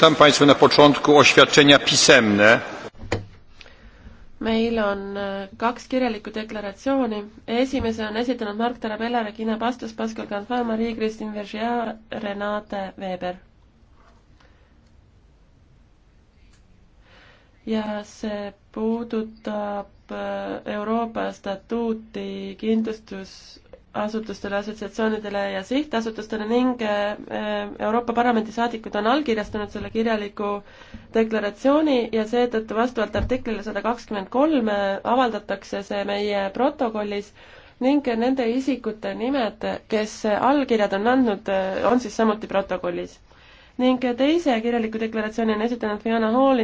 Witam Państwa na początku oświadczenia pisemne. Meil on e, kaks kirjalikku deklaratsiooni. Esimese on esitanud Mark Tarabella, Regina Pastus, Pascal Canfin, Marie-Christine Vergier, Renate Weber. Ja see puudutab e, Euroopa statuuti kindlustus asutustele, assotsiatsioonidele ja sihtasutustele ning äh, äh, Euroopa Parlamendi saadikud on allkirjastanud selle kirjaliku deklaratsiooni ja seetõttu vastavalt artiklile sada kakskümmend kolm äh, avaldatakse see meie protokollis ning nende isikute nimed, kes allkirjad on andnud, on siis samuti protokollis. ning teise kirjaliku deklaratsiooni on esitanud Fiona Halli